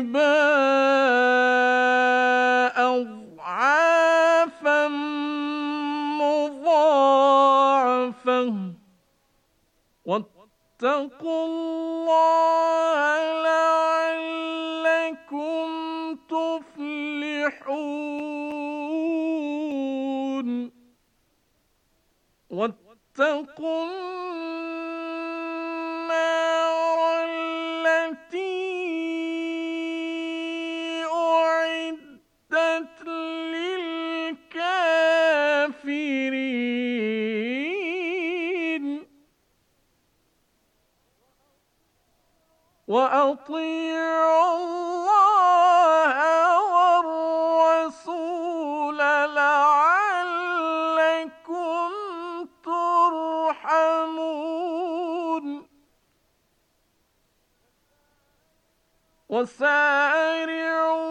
السماء أضعافا مضاعفا واتقوا الله لعلكم تفلحون واتقوا الله وسارعوا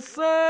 sir.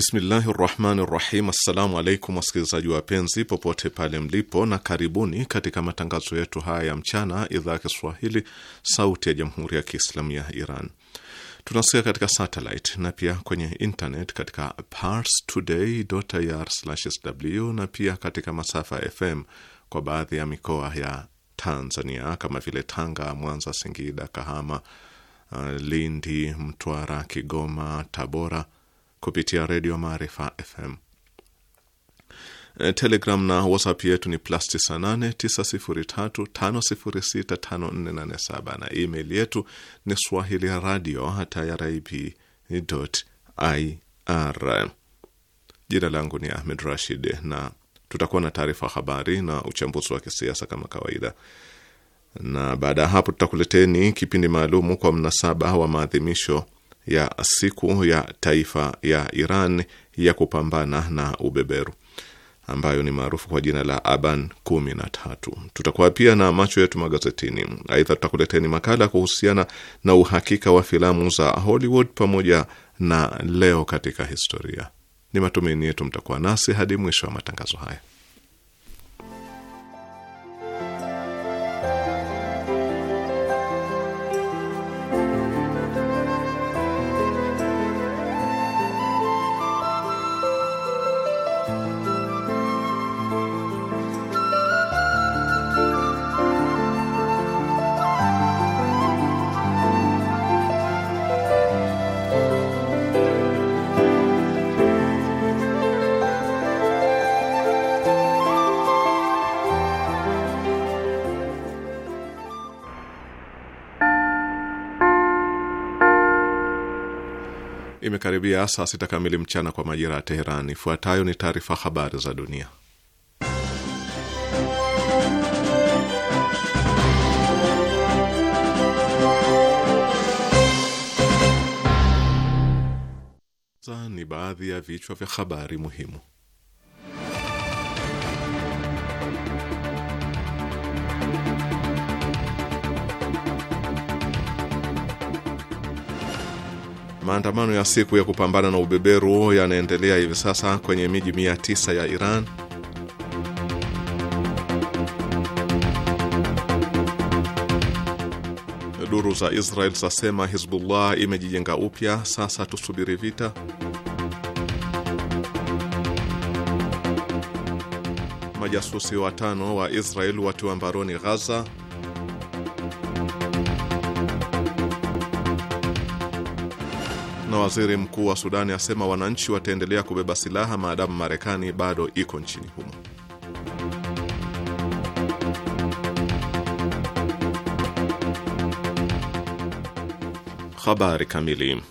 Bismillahi rahmani rahim. Assalamu alaikum wasikilizaji wapenzi popote pale mlipo, na karibuni katika matangazo yetu haya ya mchana, idhaa ya Kiswahili sauti ya jamhuri ya Kiislamu ya Iran. Tunasikia katika satellite na pia kwenye internet katika parstoday.ir/sw na pia katika masafa ya FM kwa baadhi ya mikoa ya Tanzania kama vile Tanga, Mwanza, Singida, Kahama, uh, Lindi, Mtwara, Kigoma, Tabora kupitia redio Maarifa FM. E, Telegram na WhatsApp yetu ni plus 989035065487 na email yetu ni swahili radio irib.ir. Jina langu ni Ahmed Rashid na tutakuwa na taarifa habari na uchambuzi wa kisiasa kama kawaida, na baada ya hapo tutakuleteni kipindi maalumu kwa mnasaba wa maadhimisho ya siku ya taifa ya Iran ya kupambana na ubeberu ambayo ni maarufu kwa jina la Aban 13. Tutakuwa pia na macho yetu magazetini. Aidha, tutakuleteni makala kuhusiana na uhakika wa filamu za Hollywood pamoja na leo katika historia. Ni matumaini yetu mtakuwa nasi hadi mwisho wa matangazo haya. imekaribia saa sita kamili mchana kwa majira ya Teheran. Ifuatayo ni taarifa habari za dunia. Ni baadhi ya vichwa vya habari muhimu. Maandamano ya siku ya kupambana na ubeberu yanaendelea hivi sasa kwenye miji tisa ya Iran. Duru za Israel zasema Hizbullah imejijenga upya, sasa tusubiri vita. Majasusi watano wa Israel watiwa mbaroni Ghaza. na waziri mkuu wa Sudani asema wananchi wataendelea kubeba silaha maadamu Marekani bado iko nchini humo. Habari kamili.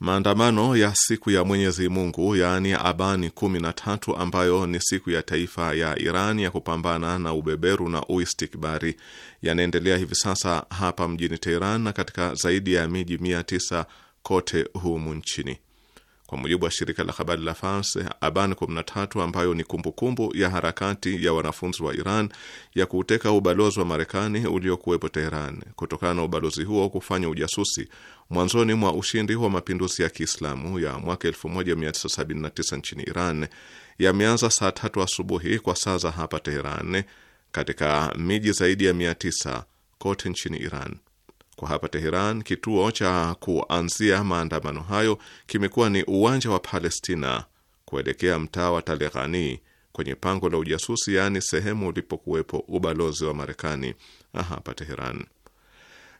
Maandamano ya siku ya Mwenyezi Mungu yaani Abani 13 ambayo ni siku ya taifa ya Iran ya kupambana na ubeberu na uistikbari yanaendelea hivi sasa hapa mjini Teheran na katika zaidi ya miji mia tisa kote humu nchini. Kwa mujibu wa shirika la habari la France, Aban 13 ambayo ni kumbukumbu kumbu ya harakati ya wanafunzi wa Iran ya kuuteka ubalozi wa Marekani uliokuwepo Teheran, kutokana na ubalozi huo kufanya ujasusi mwanzoni mwa ushindi wa mapinduzi ya Kiislamu ya mwaka 1979 nchini Iran, yameanza saa tatu asubuhi kwa saa za hapa Teheran, katika miji zaidi ya 900 kote nchini Iran. Kwa hapa Teheran, kituo cha kuanzia maandamano hayo kimekuwa ni uwanja wa Palestina kuelekea mtaa wa Taleghani kwenye pango la ujasusi, yaani sehemu ulipokuwepo ubalozi wa Marekani ah, hapa Teheran.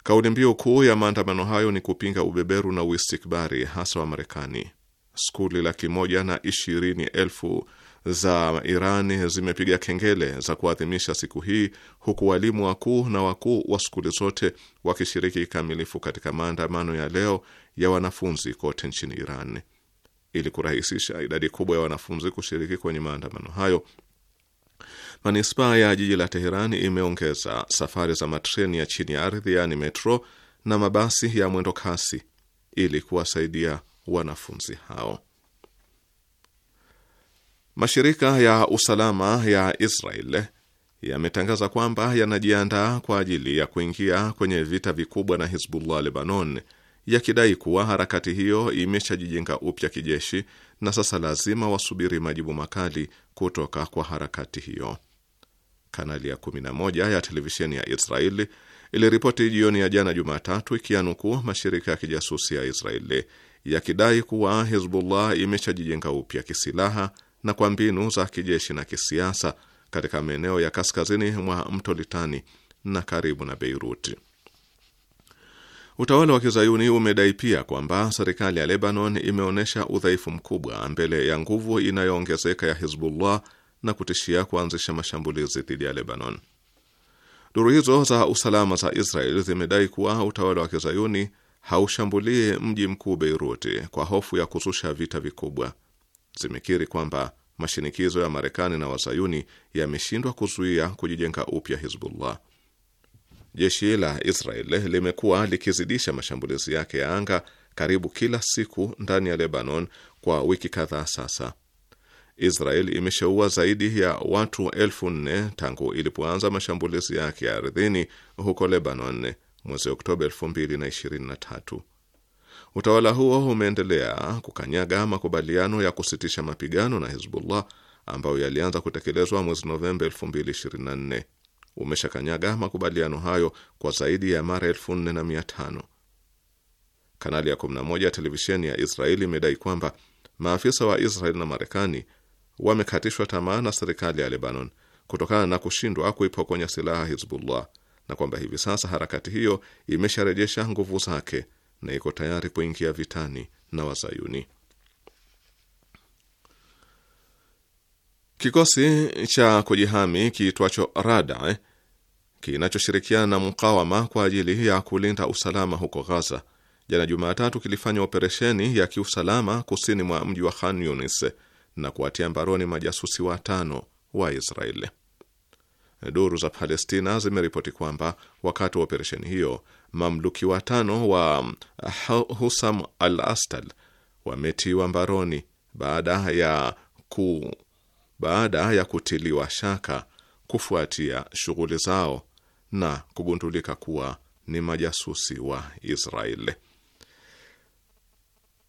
Kauli mbiu kuu ya maandamano hayo ni kupinga ubeberu na uistikbari hasa wa Marekani. Skuli laki moja na ishirini elfu za Irani zimepiga kengele za kuadhimisha siku hii huku walimu wakuu na wakuu wa skuli zote wakishiriki kikamilifu katika maandamano ya leo ya wanafunzi kote nchini Iran. Ili kurahisisha idadi kubwa ya wanafunzi kushiriki kwenye maandamano hayo, manispaa ya jiji la Teheran imeongeza safari za matreni ya chini ya ardhi, yaani metro, na mabasi ya mwendo kasi ili kuwasaidia wanafunzi hao. Mashirika ya usalama ya Israel yametangaza kwamba yanajiandaa kwa ajili ya kuingia kwenye vita vikubwa na Hizbullah Lebanon, yakidai kuwa harakati hiyo imeshajijenga upya kijeshi na sasa lazima wasubiri majibu makali kutoka kwa harakati hiyo. Kanali ya 11 ya televisheni ya Israeli iliripoti jioni ya jana Jumatatu ikianukuu mashirika ya kijasusi ya Israeli yakidai kuwa Hizbullah imeshajijenga upya kisilaha na kwa mbinu za kijeshi na kisiasa katika maeneo ya kaskazini mwa mto Litani na karibu na Beirut. Utawala wa kizayuni umedai pia kwamba serikali ya Lebanon imeonyesha udhaifu mkubwa mbele ya nguvu inayoongezeka ya Hizbullah na kutishia kuanzisha mashambulizi dhidi ya Lebanon. Duru hizo za usalama za Israel zimedai kuwa utawala wa kizayuni haushambulii mji mkuu Beiruti kwa hofu ya kuzusha vita vikubwa zimekiri kwamba mashinikizo ya Marekani na wazayuni yameshindwa kuzuia kujijenga upya Hizbullah. Jeshi la Israel limekuwa likizidisha mashambulizi yake ya anga karibu kila siku ndani ya Lebanon kwa wiki kadhaa sasa. Israel imeshaua zaidi ya watu elfu nne tangu ilipoanza mashambulizi yake ya ardhini huko Lebanon mwezi Oktoba tatu. Utawala huo umeendelea kukanyaga makubaliano ya kusitisha mapigano na Hizbullah ambayo yalianza kutekelezwa mwezi Novemba 2024. Umeshakanyaga makubaliano hayo kwa zaidi ya mara 4500. Kanali ya 11 ya televisheni ya Israeli imedai kwamba maafisa wa Israeli na Marekani wamekatishwa tamaa na serikali ya Lebanon kutokana na kushindwa kuipokonya silaha Hizbullah na kwamba hivi sasa harakati hiyo imesharejesha nguvu zake na iko tayari kuingia vitani na Wazayuni. Kikosi cha kujihami kiitwacho Rada eh, kinachoshirikiana na mkawama kwa ajili ya kulinda usalama huko Ghaza, jana Jumatatu, kilifanya operesheni ya kiusalama kusini mwa mji wa Khan Yunis na kuwatia mbaroni majasusi watano wa Israeli. Duru za Palestina zimeripoti kwamba wakati wa operesheni hiyo mamluki watano wa uh, Husam al Astal wametiwa mbaroni baada ya, ku, baada ya kutiliwa shaka kufuatia shughuli zao na kugundulika kuwa ni majasusi wa Israeli.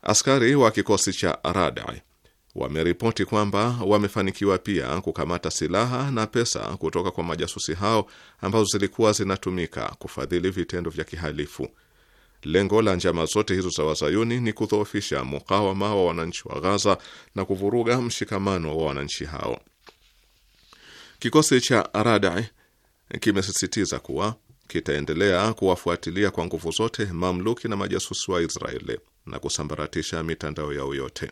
Askari wa kikosi cha Radai wameripoti kwamba wamefanikiwa pia kukamata silaha na pesa kutoka kwa majasusi hao ambazo zilikuwa zinatumika kufadhili vitendo vya kihalifu. Lengo la njama zote hizo za wazayuni ni kudhoofisha mukawama wa wananchi wa Ghaza na kuvuruga mshikamano wa wananchi hao. Kikosi cha Radai kimesisitiza kuwa kitaendelea kuwafuatilia kwa nguvu zote mamluki na majasusi wa Israeli na kusambaratisha mitandao yao yote.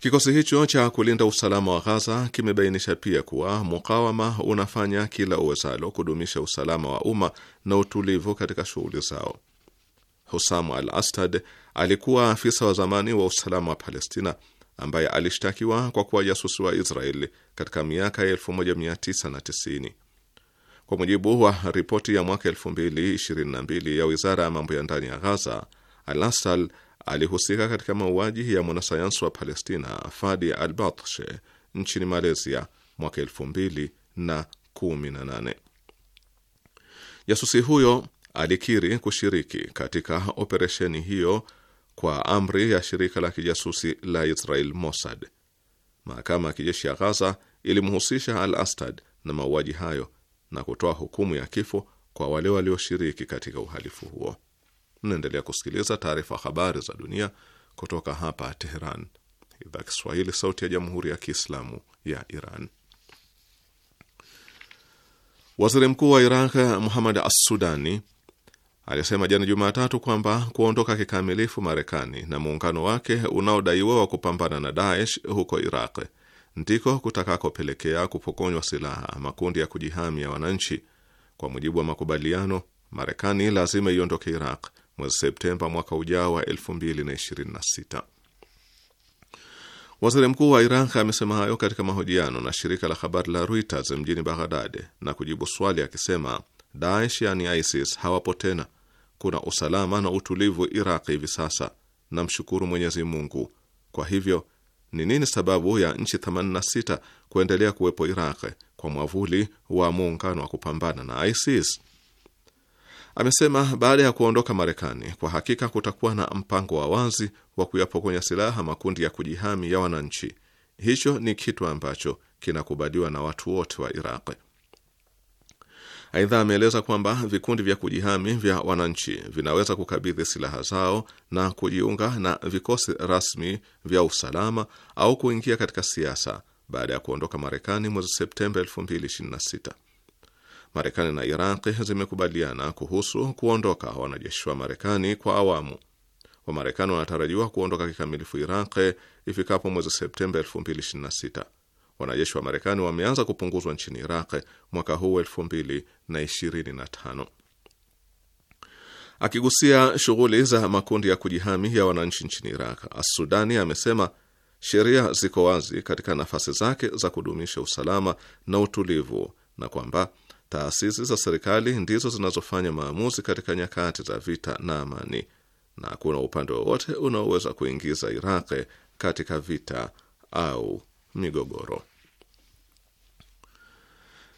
Kikosi hicho cha kulinda usalama wa Ghaza kimebainisha pia kuwa mukawama unafanya kila uwezalo kudumisha usalama wa umma na utulivu katika shughuli zao. Husamu al Astad alikuwa afisa wa zamani wa usalama wa Palestina ambaye alishtakiwa kwa kuwa jasusi wa Israeli katika miaka ya 1990. Kwa mujibu wa ripoti ya mwaka 2022 ya wizara ya mambo ya ndani ya Ghaza, al alihusika katika mauaji ya mwanasayansi wa Palestina Fadi al Batshe nchini Malaysia mwaka elfu mbili na kumi na nane. Jasusi huyo alikiri kushiriki katika operesheni hiyo kwa amri ya shirika la kijasusi la Israel Mossad. Mahakama ya kijeshi ya Ghaza ilimhusisha al Astad na mauaji hayo na kutoa hukumu ya kifo kwa wale walioshiriki katika uhalifu huo. Mnaendelea kusikiliza taarifa habari za dunia kutoka hapa Teheran, idhaa Kiswahili, sauti ya jamhuri ya kiislamu ya Iran. Waziri mkuu wa Iraq Muhammad Assudani alisema jana Jumatatu kwamba kuondoka kikamilifu Marekani na muungano wake unaodaiwa wa kupambana na Daesh huko Iraq ndiko kutakakopelekea kupokonywa silaha makundi ya kujihami ya wananchi. Kwa mujibu wa makubaliano, Marekani lazima iondoke Iraq mwezi Septemba mwaka ujao wa 2026. Waziri mkuu wa Iraq amesema hayo katika mahojiano na shirika la habari la Reuters mjini Baghdad na kujibu swali akisema, Daesh yani ISIS hawapo tena, kuna usalama na utulivu Iraq hivi sasa, namshukuru Mwenyezi Mungu. Kwa hivyo ni nini sababu ya nchi 86 kuendelea kuwepo Iraq kwa mwavuli wa muungano wa kupambana na ISIS? Amesema baada ya kuondoka Marekani, kwa hakika kutakuwa na mpango wa wazi wa kuyapokonya silaha makundi ya kujihami ya wananchi. Hicho ni kitu ambacho kinakubaliwa na watu wote wa Iraq. Aidha, ameeleza kwamba vikundi vya kujihami vya wananchi vinaweza kukabidhi silaha zao na kujiunga na vikosi rasmi vya usalama au kuingia katika siasa baada ya kuondoka Marekani mwezi Septemba 2026. Marekani na Iraq zimekubaliana kuhusu kuondoka wanajeshi wa Marekani kwa awamu. Wamarekani wanatarajiwa kuondoka kikamilifu Iraq ifikapo mwezi Septemba 2026. Wanajeshi wa Marekani wameanza kupunguzwa nchini Iraq mwaka huu 2025. Akigusia shughuli za makundi ya kujihami ya wananchi nchini Iraq, Assudani amesema sheria ziko wazi katika nafasi zake za kudumisha usalama na utulivu na kwamba Taasisi za serikali ndizo zinazofanya maamuzi katika nyakati za vita na amani, na hakuna upande wowote unaoweza kuingiza Iraq katika vita au migogoro.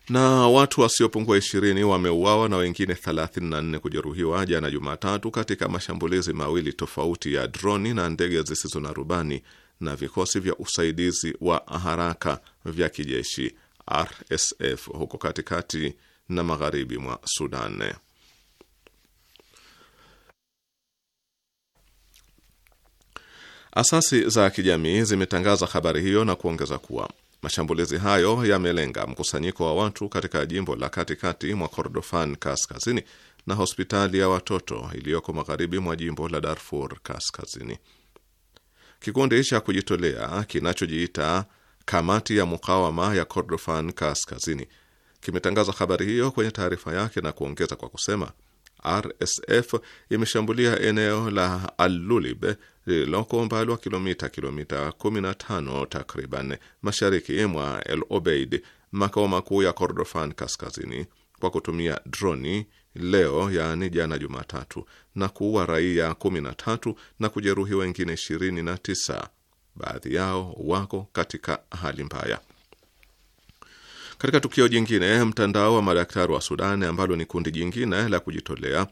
Na watu wasiopungua ishirini wameuawa na wengine 34 kujeruhiwa jana Jumatatu katika mashambulizi mawili tofauti ya droni na ndege zisizo na rubani na vikosi vya usaidizi wa haraka vya kijeshi RSF huko katikati na magharibi mwa Sudan. Asasi za kijamii zimetangaza habari hiyo na kuongeza kuwa mashambulizi hayo yamelenga mkusanyiko wa watu katika jimbo la katikati mwa Kordofan kaskazini na hospitali ya watoto iliyoko magharibi mwa jimbo la Darfur kaskazini. Kikundi cha kujitolea kinachojiita kamati ya mukawama ya Kordofan Kaskazini. Kimetangaza habari hiyo kwenye taarifa yake na kuongeza kwa kusema RSF imeshambulia eneo la Alulib lililoko umbali wa kilomita kilomita 15 takriban mashariki mwa El Obeid, makao makuu ya Kordofan Kaskazini, kwa kutumia droni leo, yaani jana Jumatatu, na kuua raia 13 na kujeruhi wengine 29 baadhi yao wako katika hali mbaya. Katika tukio jingine, mtandao wa madaktari wa Sudan ambalo ni kundi jingine la kujitolea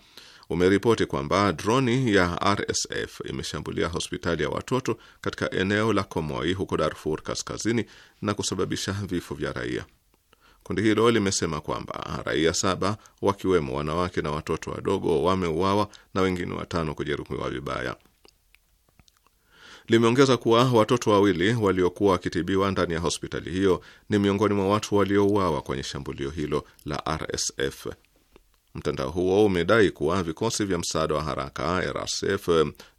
umeripoti kwamba droni ya RSF imeshambulia hospitali ya watoto katika eneo la Komoi huko Darfur Kaskazini na kusababisha vifo vya raia. Kundi hilo limesema kwamba raia saba wakiwemo wanawake na watoto wadogo wameuawa na wengine watano kujeruhiwa vibaya limeongeza kuwa watoto wawili waliokuwa wakitibiwa ndani ya hospitali hiyo ni miongoni mwa watu waliouawa kwenye shambulio hilo la RSF. Mtandao huo umedai kuwa vikosi vya msaada wa haraka RSF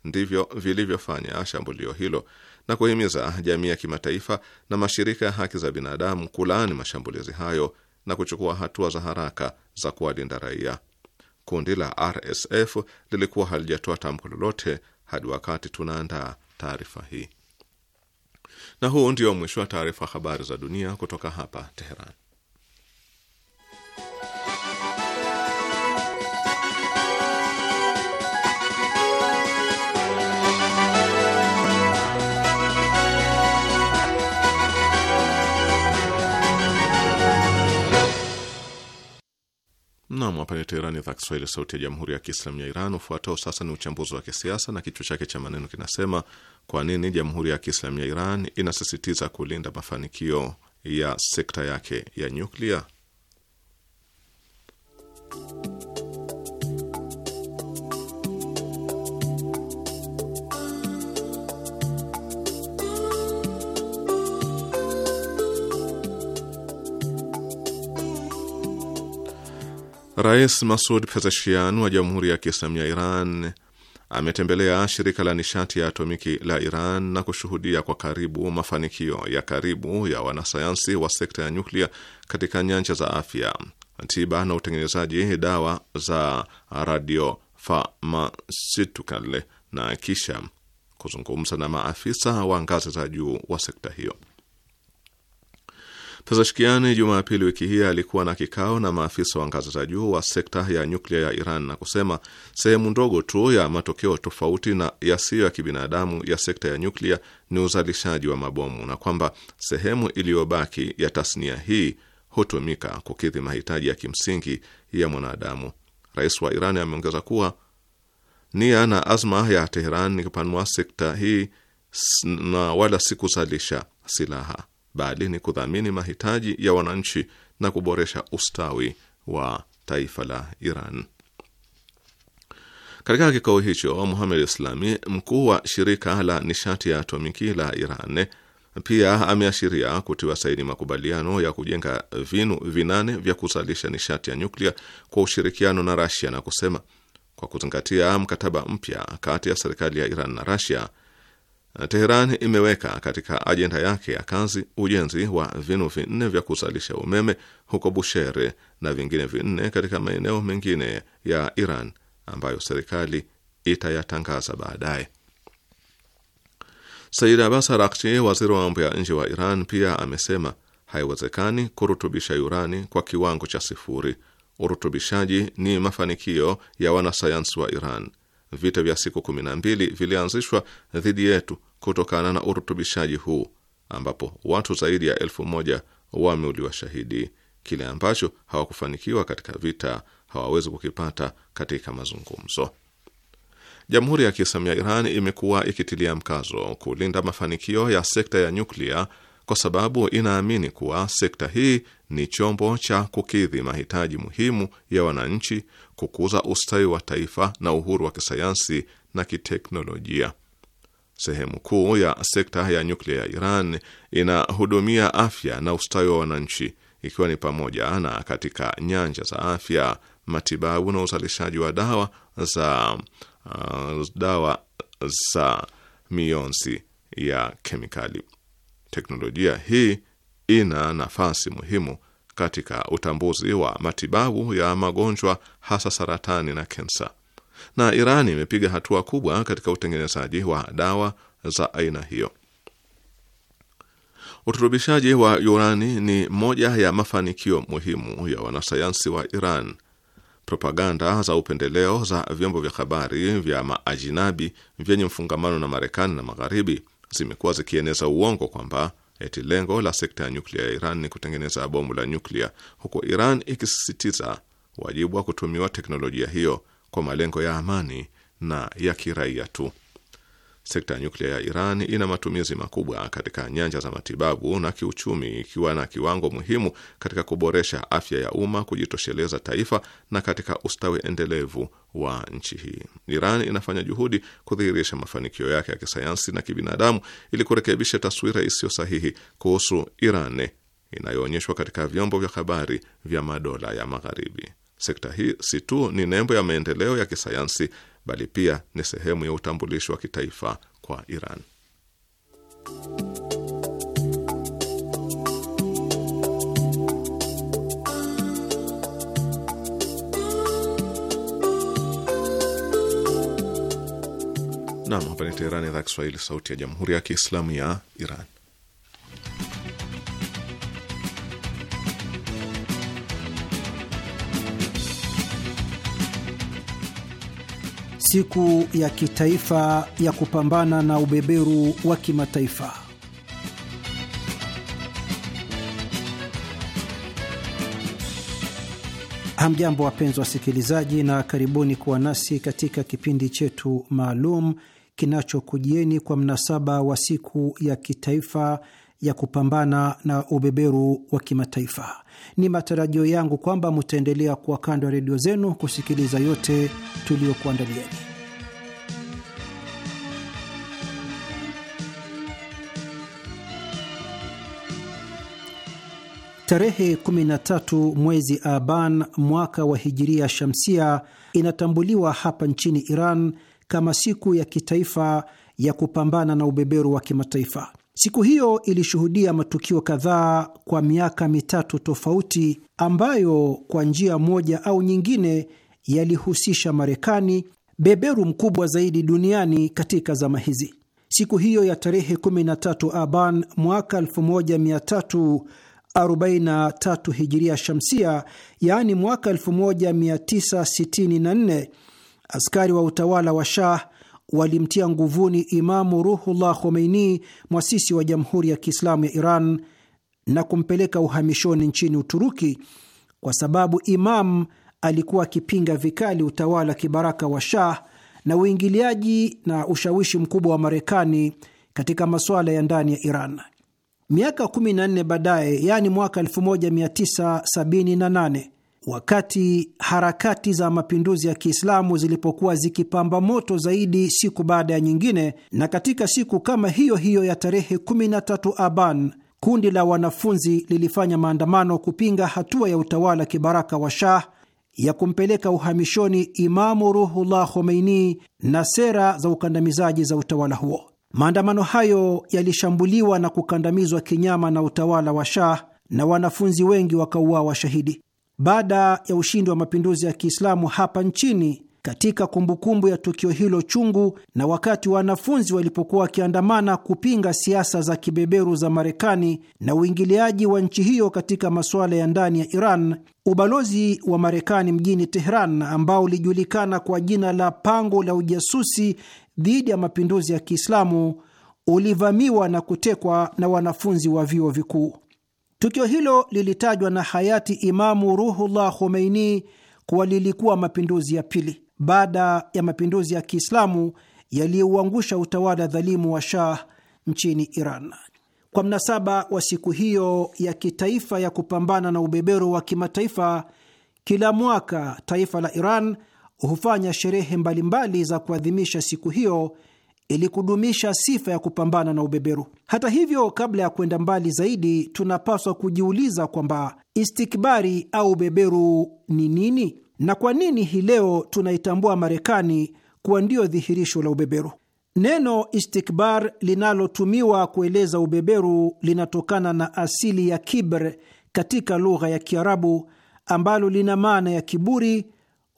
ndivyo vilivyofanya shambulio hilo na kuhimiza jamii ya kimataifa na mashirika ya haki za binadamu kulaani mashambulizi hayo na kuchukua hatua za haraka za kuwalinda raia. Kundi la RSF lilikuwa halijatoa tamko lolote hadi wakati tunaandaa taarifa hii, na huu ndio mwisho wa taarifa habari za dunia kutoka hapa Teheran. Nam, hapa ni Teherani, idhaa Kiswahili, sauti ya jamhuri ya kiislamu ya Iran. Ufuatao sasa ni uchambuzi wa kisiasa na kichwa chake cha maneno kinasema: kwa nini jamhuri ya kiislamu ya Iran inasisitiza kulinda mafanikio ya sekta yake ya nyuklia? Rais Masud Pezeshkian wa Jamhuri ya Kiislamu ya Iran ametembelea shirika la nishati ya atomiki la Iran na kushuhudia kwa karibu mafanikio ya karibu ya wanasayansi wa sekta ya nyuklia katika nyanja za afya, tiba na utengenezaji dawa za radiopharmaceutical na kisha kuzungumza na maafisa wa ngazi za juu wa sekta hiyo. Pezeshkiani Jumapili wiki hii alikuwa na kikao na maafisa wa ngazi za juu wa sekta ya nyuklia ya Iran na kusema sehemu ndogo tu ya matokeo tofauti na yasiyo ya kibinadamu ya sekta ya nyuklia ni uzalishaji wa mabomu na kwamba sehemu iliyobaki ya tasnia hii hutumika kukidhi mahitaji ya kimsingi ya mwanadamu. Rais wa Iran ameongeza kuwa nia na azma ya Teheran ni kupanua sekta hii na wala si kuzalisha silaha bali ni kudhamini mahitaji ya wananchi na kuboresha ustawi wa taifa la Iran. Katika kikao hicho, Muhamed Islami, mkuu wa shirika la nishati ya atomiki la Iran, pia ameashiria kutiwa saini makubaliano ya kujenga vinu vinane vya kuzalisha nishati ya nyuklia kwa ushirikiano na Rasia na kusema kwa kuzingatia mkataba mpya kati ya serikali ya Iran na Rasia, Teheran imeweka katika ajenda yake ya kazi ujenzi wa vinu vinne vya kuzalisha umeme huko Bushere na vingine vinne katika maeneo mengine ya Iran ambayo serikali itayatangaza baadaye. Said Abbas Araghchi, waziri wa mambo ya nje wa Iran, pia amesema haiwezekani kurutubisha urani kwa kiwango cha sifuri. Urutubishaji ni mafanikio ya wanasayansi wa Iran. Vita vya siku kumi na mbili vilianzishwa dhidi yetu kutokana na urutubishaji huu ambapo watu zaidi ya elfu moja wameuliwa shahidi. Kile ambacho hawakufanikiwa katika vita hawawezi kukipata katika mazungumzo. Jamhuri ya Kiislamu ya Iran imekuwa ikitilia mkazo kulinda mafanikio ya sekta ya nyuklia kwa sababu inaamini kuwa sekta hii ni chombo cha kukidhi mahitaji muhimu ya wananchi, kukuza ustawi wa taifa na uhuru wa kisayansi na kiteknolojia. Sehemu kuu ya sekta ya nyuklia ya Iran inahudumia afya na ustawi wa wananchi, ikiwa ni pamoja na katika nyanja za afya, matibabu na uzalishaji wa dawa za uh, dawa za mionzi ya kemikali. Teknolojia hii ina nafasi muhimu katika utambuzi wa matibabu ya magonjwa hasa saratani na kensa na Iran imepiga hatua kubwa katika utengenezaji wa dawa za aina hiyo. Uturubishaji wa urani ni moja ya mafanikio muhimu ya wanasayansi wa Iran. Propaganda za upendeleo za vyombo vya habari vya maajinabi vyenye mfungamano na Marekani na Magharibi zimekuwa zikieneza uongo kwamba eti lengo la sekta ya nyuklia ya Iran ni kutengeneza bomu la nyuklia, huku Iran ikisisitiza wajibu wa kutumiwa teknolojia hiyo kwa malengo ya amani na ya kiraia tu. Sekta ya nyuklia ya Iran ina matumizi makubwa katika nyanja za matibabu na kiuchumi, ikiwa na kiwango muhimu katika kuboresha afya ya umma, kujitosheleza taifa na katika ustawi endelevu wa nchi hii. Iran inafanya juhudi kudhihirisha mafanikio yake ya kisayansi na kibinadamu ili kurekebisha taswira isiyo sahihi kuhusu Iran inayoonyeshwa katika vyombo vya habari vya madola ya Magharibi. Sekta hii si tu ni nembo ya maendeleo ya kisayansi, bali pia ni sehemu ya utambulisho wa kitaifa kwa Iran. Nam, hapa ni Teherani, idhaa Kiswahili, sauti ya jamhuri ya kiislamu ya Iran. siku ya kitaifa ya kupambana na ubeberu wa kimataifa. Hamjambo, wapenzi wasikilizaji, na karibuni kuwa nasi katika kipindi chetu maalum kinachokujieni kwa mnasaba wa siku ya kitaifa ya kupambana na ubeberu wa kimataifa. Ni matarajio yangu kwamba mutaendelea kuwa kando ya redio zenu kusikiliza yote tuliyokuandalieni. Tarehe 13 mwezi Aban mwaka wa hijiria shamsia inatambuliwa hapa nchini Iran kama siku ya kitaifa ya kupambana na ubeberu wa kimataifa. Siku hiyo ilishuhudia matukio kadhaa kwa miaka mitatu tofauti ambayo kwa njia moja au nyingine yalihusisha Marekani, beberu mkubwa zaidi duniani katika zama hizi. Siku hiyo ya tarehe 13 Aban mwaka 1343 hijiria shamsia, yaani mwaka 1964, askari wa utawala wa Shah walimtia nguvuni Imamu Ruhullah Khomeini, mwasisi wa Jamhuri ya Kiislamu ya Iran, na kumpeleka uhamishoni nchini Uturuki kwa sababu Imam alikuwa akipinga vikali utawala kibaraka wa Shah na uingiliaji na ushawishi mkubwa wa Marekani katika masuala ya ndani ya Iran. Miaka 14 baadaye, yaani mwaka 1978, Wakati harakati za mapinduzi ya Kiislamu zilipokuwa zikipamba moto zaidi siku baada ya nyingine, na katika siku kama hiyo hiyo ya tarehe 13 Aban, kundi la wanafunzi lilifanya maandamano kupinga hatua ya utawala kibaraka wa Shah ya kumpeleka uhamishoni Imamu Ruhullah Khomeini na sera za ukandamizaji za utawala huo. Maandamano hayo yalishambuliwa na kukandamizwa kinyama na utawala wa Shah na wanafunzi wengi wakauawa shahidi baada ya ushindi wa mapinduzi ya Kiislamu hapa nchini. Katika kumbukumbu ya tukio hilo chungu na wakati wanafunzi walipokuwa wakiandamana kupinga siasa za kibeberu za Marekani na uingiliaji wa nchi hiyo katika masuala ya ndani ya Iran, ubalozi wa Marekani mjini Tehran, ambao ulijulikana kwa jina la pango la ujasusi dhidi ya mapinduzi ya Kiislamu, ulivamiwa na kutekwa na wanafunzi wa vyuo vikuu. Tukio hilo lilitajwa na hayati Imamu Ruhullah Khomeini kuwa lilikuwa mapinduzi ya pili baada ya mapinduzi ya Kiislamu yaliyouangusha utawala dhalimu wa Shah nchini Iran. Kwa mnasaba wa siku hiyo ya kitaifa ya kupambana na ubeberu wa kimataifa, kila mwaka taifa la Iran hufanya sherehe mbalimbali za kuadhimisha siku hiyo ili kudumisha sifa ya kupambana na ubeberu. Hata hivyo, kabla ya kwenda mbali zaidi, tunapaswa kujiuliza kwamba istikbari au ubeberu ni nini na kwa nini hii leo tunaitambua Marekani kuwa ndio dhihirisho la ubeberu. Neno istikbar linalotumiwa kueleza ubeberu linatokana na asili ya kibr katika lugha ya Kiarabu ambalo lina maana ya kiburi,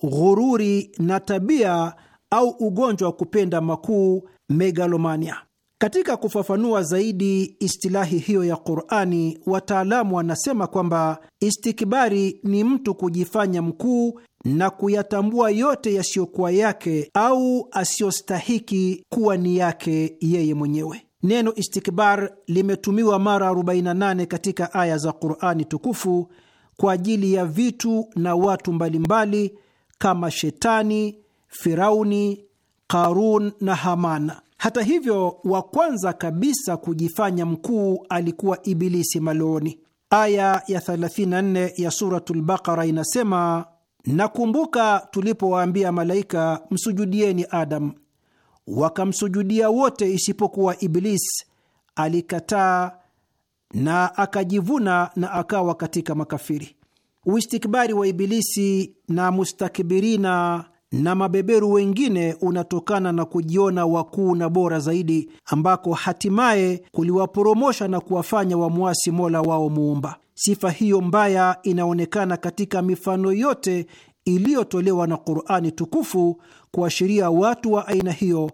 ghururi na tabia au ugonjwa wa kupenda makuu megalomania. Katika kufafanua zaidi istilahi hiyo ya Qur'ani, wataalamu wanasema kwamba istikibari ni mtu kujifanya mkuu na kuyatambua yote yasiyokuwa yake au asiyostahiki kuwa ni yake yeye mwenyewe. Neno istikbar limetumiwa mara 48 katika aya za Qur'ani tukufu kwa ajili ya vitu na watu mbalimbali kama shetani, Firauni, Karun na Haman. Hata hivyo, wa kwanza kabisa kujifanya mkuu alikuwa Ibilisi maloni. Aya ya 34 ya Suratul Baqara inasema, nakumbuka tulipowaambia malaika msujudieni Adamu, wakamsujudia wote isipokuwa Ibilisi, alikataa na akajivuna na akawa katika makafiri. Uistikbari wa Ibilisi na mustakbirina na mabeberu wengine unatokana na kujiona wakuu na bora zaidi, ambako hatimaye kuliwaporomosha na kuwafanya wamwasi Mola wao Muumba. Sifa hiyo mbaya inaonekana katika mifano yote iliyotolewa na Qur'ani tukufu kuashiria watu wa aina hiyo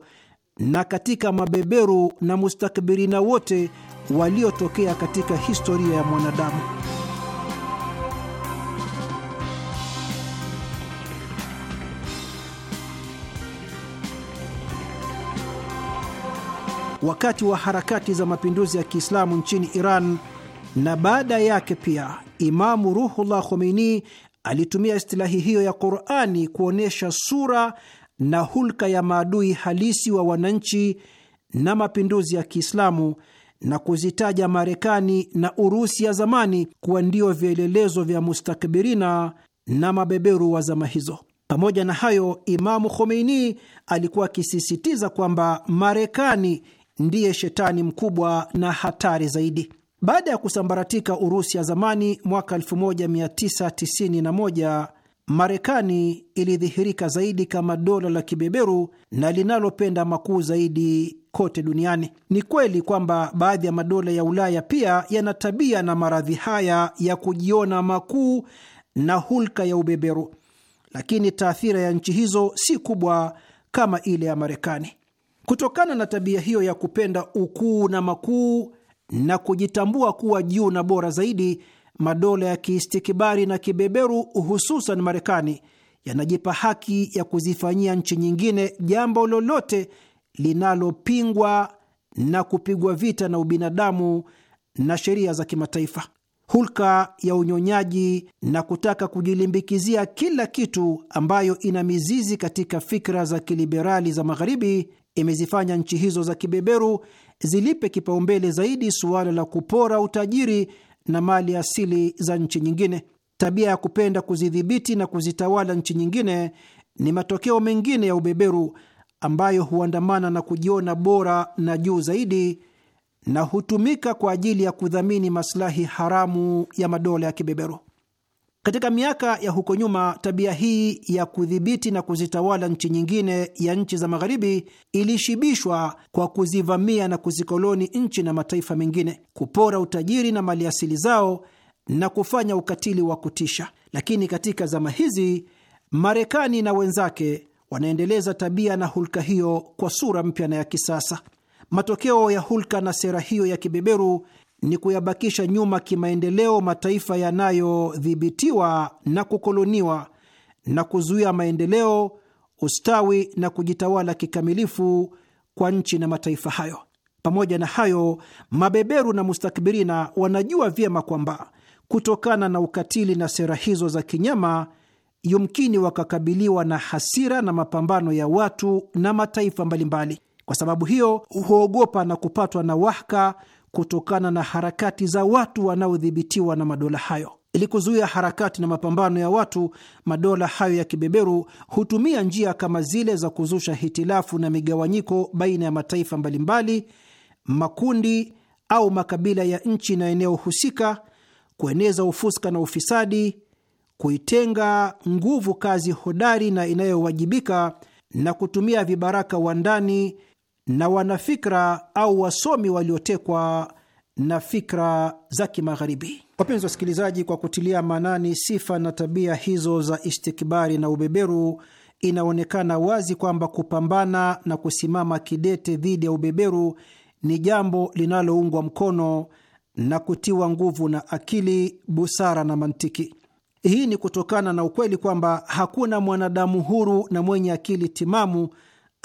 na katika mabeberu na mustakbirina wote waliotokea katika historia ya mwanadamu. wakati wa harakati za mapinduzi ya Kiislamu nchini Iran na baada yake pia, Imamu Ruhullah Khomeini alitumia istilahi hiyo ya Qurani kuonyesha sura na hulka ya maadui halisi wa wananchi na mapinduzi ya Kiislamu na kuzitaja Marekani na Urusi ya zamani kuwa ndio vielelezo vya mustakbirina na mabeberu wa zama hizo. Pamoja na hayo, Imamu Khomeini alikuwa akisisitiza kwamba Marekani ndiye shetani mkubwa na hatari zaidi. Baada ya kusambaratika Urusi ya zamani mwaka 1991, Marekani ilidhihirika zaidi kama dola la kibeberu na linalopenda makuu zaidi kote duniani. Ni kweli kwamba baadhi ya madola ya Ulaya pia yana tabia na maradhi haya ya kujiona makuu na hulka ya ubeberu, lakini taathira ya nchi hizo si kubwa kama ile ya Marekani. Kutokana na tabia hiyo ya kupenda ukuu na makuu na kujitambua kuwa juu na bora zaidi, madola ya kiistikibari na kibeberu, hususan Marekani, yanajipa haki ya kuzifanyia nchi nyingine jambo lolote linalopingwa na kupigwa vita na ubinadamu na sheria za kimataifa. Hulka ya unyonyaji na kutaka kujilimbikizia kila kitu ambayo ina mizizi katika fikra za kiliberali za Magharibi imezifanya nchi hizo za kibeberu zilipe kipaumbele zaidi suala la kupora utajiri na mali asili za nchi nyingine. Tabia ya kupenda kuzidhibiti na kuzitawala nchi nyingine ni matokeo mengine ya ubeberu ambayo huandamana na kujiona bora na juu zaidi na hutumika kwa ajili ya kudhamini masilahi haramu ya madola ya kibeberu. Katika miaka ya huko nyuma, tabia hii ya kudhibiti na kuzitawala nchi nyingine ya nchi za Magharibi ilishibishwa kwa kuzivamia na kuzikoloni nchi na mataifa mengine, kupora utajiri na maliasili zao na kufanya ukatili wa kutisha. Lakini katika zama hizi, Marekani na wenzake wanaendeleza tabia na hulka hiyo kwa sura mpya na ya kisasa. Matokeo ya hulka na sera hiyo ya kibeberu ni kuyabakisha nyuma kimaendeleo mataifa yanayodhibitiwa na kukoloniwa na kuzuia maendeleo, ustawi na kujitawala kikamilifu kwa nchi na mataifa hayo. Pamoja na hayo, mabeberu na mustakbirina wanajua vyema kwamba kutokana na ukatili na sera hizo za kinyama, yumkini wakakabiliwa na hasira na mapambano ya watu na mataifa mbalimbali. Kwa sababu hiyo, huogopa na kupatwa na wahaka kutokana na harakati za watu wanaodhibitiwa na madola hayo. Ili kuzuia harakati na mapambano ya watu, madola hayo ya kibeberu hutumia njia kama zile za kuzusha hitilafu na migawanyiko baina ya mataifa mbalimbali, makundi au makabila ya nchi na eneo husika, kueneza ufuska na ufisadi, kuitenga nguvu kazi hodari na inayowajibika na kutumia vibaraka wa ndani na wanafikra au wasomi waliotekwa na fikra za Kimagharibi. Wapenzi wasikilizaji, kwa kutilia maanani sifa na tabia hizo za istikibari na ubeberu, inaonekana wazi kwamba kupambana na kusimama kidete dhidi ya ubeberu ni jambo linaloungwa mkono na kutiwa nguvu na akili, busara na mantiki. Hii ni kutokana na ukweli kwamba hakuna mwanadamu huru na mwenye akili timamu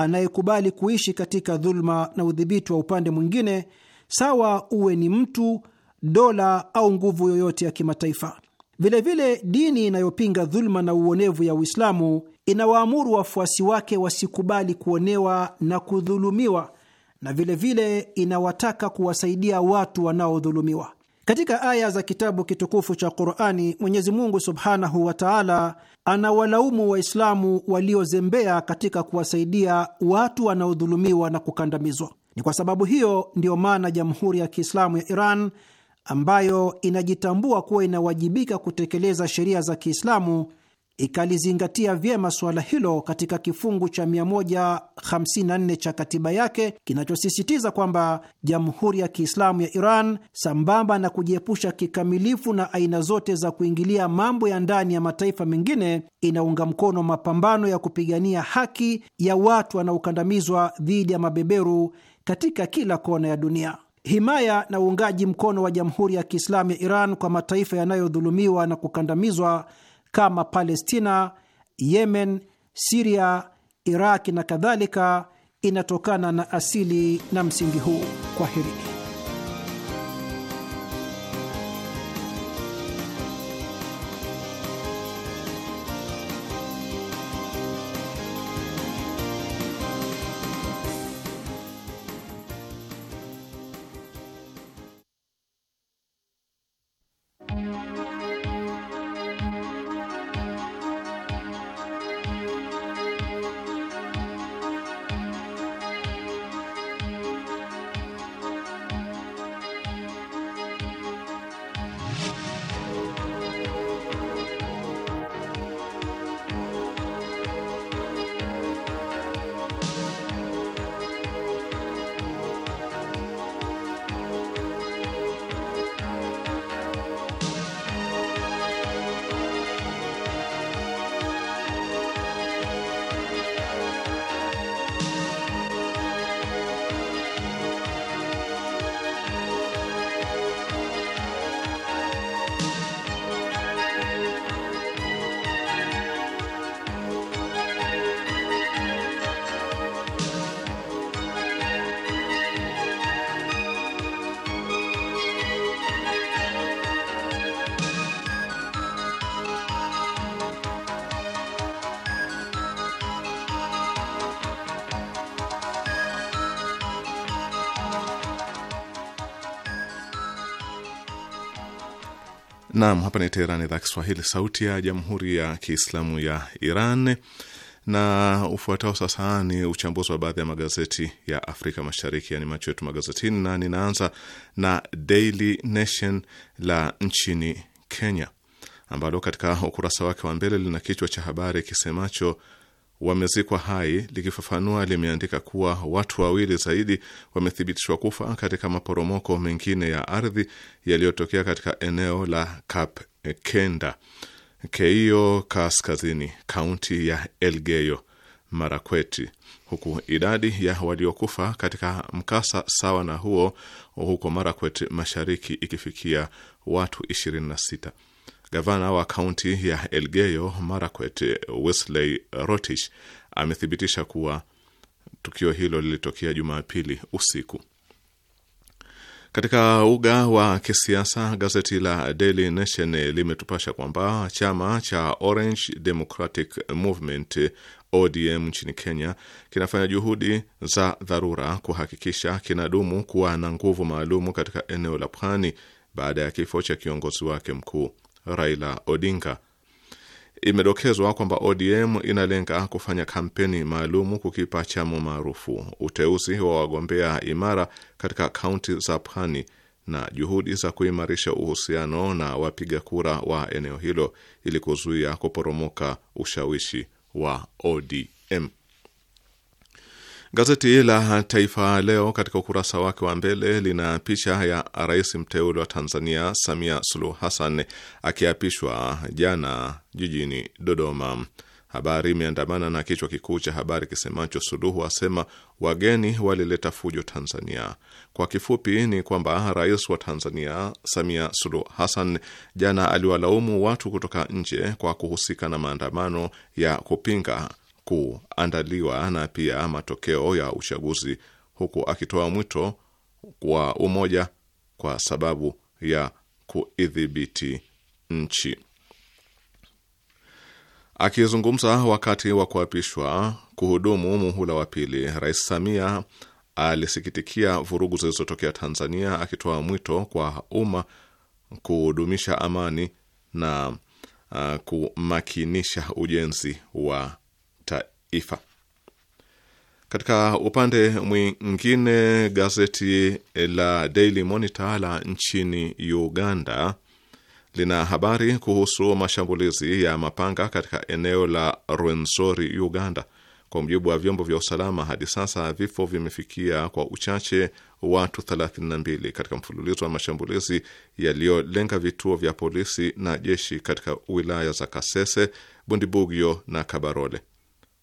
anayekubali kuishi katika dhuluma na udhibiti wa upande mwingine, sawa uwe ni mtu, dola au nguvu yoyote ya kimataifa. Vilevile, dini inayopinga dhuluma na uonevu ya Uislamu inawaamuru wafuasi wake wasikubali kuonewa na kudhulumiwa, na vilevile inawataka kuwasaidia watu wanaodhulumiwa. Katika aya za kitabu kitukufu cha Qurani, Mwenyezi Mungu subhanahu wa taala anawalaumu Waislamu waliozembea katika kuwasaidia watu wanaodhulumiwa na kukandamizwa. Ni kwa sababu hiyo ndiyo maana Jamhuri ya Kiislamu ya Iran ambayo inajitambua kuwa inawajibika kutekeleza sheria za Kiislamu ikalizingatia vyema suala hilo katika kifungu cha 154 cha katiba yake kinachosisitiza kwamba Jamhuri ya Kiislamu ya Iran, sambamba na kujiepusha kikamilifu na aina zote za kuingilia mambo ya ndani ya mataifa mengine, inaunga mkono mapambano ya kupigania haki ya watu wanaokandamizwa dhidi ya mabeberu katika kila kona ya dunia. Himaya na uungaji mkono wa Jamhuri ya Kiislamu ya Iran kwa mataifa yanayodhulumiwa na kukandamizwa kama Palestina, Yemen, Siria, Iraki na kadhalika inatokana na asili na msingi huu. Kwaherini. Naam, hapa ni Teherani, idhaa Kiswahili, sauti ya jamhuri ya kiislamu ya Iran. Na ufuatao sasa ni uchambuzi wa baadhi ya magazeti ya Afrika Mashariki, yaani macho yetu magazetini, na ninaanza na Daily Nation la nchini Kenya, ambalo katika ukurasa wake wa mbele lina kichwa cha habari kisemacho wamezikwa hai likifafanua limeandika kuwa watu wawili zaidi wamethibitishwa kufa katika maporomoko mengine ya ardhi yaliyotokea katika eneo la Kapkenda Keio kaskazini, kaunti ya Elgeyo Marakweti, huku idadi ya waliokufa katika mkasa sawa na huo huko Marakwet mashariki ikifikia watu 26. Gavana wa kaunti ya Elgeyo Marakwet, Wesley Rotich, amethibitisha kuwa tukio hilo lilitokea Jumapili usiku. Katika uga wa kisiasa, gazeti la Daily Nation limetupasha kwamba chama cha Orange Democratic Movement ODM nchini Kenya kinafanya juhudi za dharura kuhakikisha kinadumu kuwa na nguvu maalumu katika eneo la pwani baada ya kifo cha kiongozi wake mkuu Raila Odinga. Imedokezwa kwamba ODM inalenga kufanya kampeni maalumu kukipa chama maarufu uteuzi wa wagombea imara katika kaunti za pwani na juhudi za kuimarisha uhusiano na wapiga kura wa eneo hilo ili kuzuia kuporomoka ushawishi wa ODM. Gazeti la Taifa Leo katika ukurasa wake wa mbele lina picha ya rais mteule wa Tanzania Samia Suluhu Hassan akiapishwa jana jijini Dodoma. Habari imeandamana na kichwa kikuu cha habari kisemacho Suluhu asema wageni walileta fujo Tanzania. Kwa kifupi ni kwamba rais wa Tanzania Samia Suluhu Hassan jana aliwalaumu watu kutoka nje kwa kuhusika na maandamano ya kupinga kuandaliwa na pia matokeo ya uchaguzi, huku akitoa mwito wa umoja kwa sababu ya kuidhibiti nchi. Akizungumza wakati wa kuapishwa kuhudumu muhula wa pili, Rais Samia alisikitikia vurugu zilizotokea Tanzania, akitoa mwito kwa umma kudumisha amani na uh, kumakinisha ujenzi wa Ifa. Katika upande mwingine, gazeti la Daily Monitor la nchini Uganda lina habari kuhusu mashambulizi ya mapanga katika eneo la Rwenzori, Uganda. Kwa mujibu wa vyombo vya usalama, hadi sasa vifo vimefikia kwa uchache watu 32 katika mfululizo wa mashambulizi yaliyolenga vituo vya polisi na jeshi katika wilaya za Kasese, Bundibugyo na Kabarole.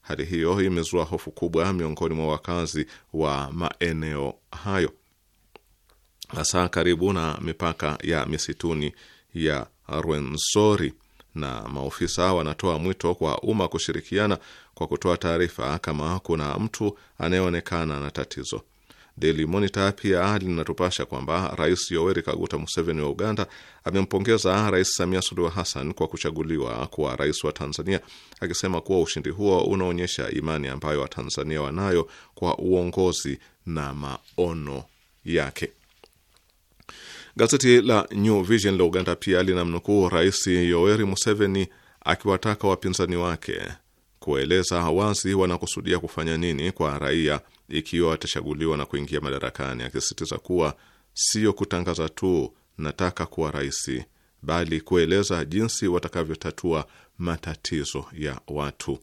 Hali hiyo imezua hofu kubwa miongoni mwa wakazi wa maeneo hayo, hasa karibu na mipaka ya misituni ya Rwenzori, na maofisa wanatoa mwito kwa umma kushirikiana kwa kutoa taarifa kama kuna mtu anayeonekana na tatizo. Daily Monitor pia linatupasha kwamba Rais Yoweri Kaguta Museveni wa Uganda amempongeza Rais Samia Suluhu Hassan kwa kuchaguliwa kuwa rais wa Tanzania, akisema kuwa ushindi huo unaonyesha imani ambayo Watanzania wanayo kwa uongozi na maono yake. Gazeti la New Vision la Uganda pia linamnukuu Rais Yoweri Museveni akiwataka wapinzani wake kueleza wazi wanakusudia kufanya nini kwa raia ikiwa atachaguliwa na kuingia madarakani, akisisitiza kuwa sio kutangaza tu nataka kuwa rais, bali kueleza jinsi watakavyotatua matatizo ya watu.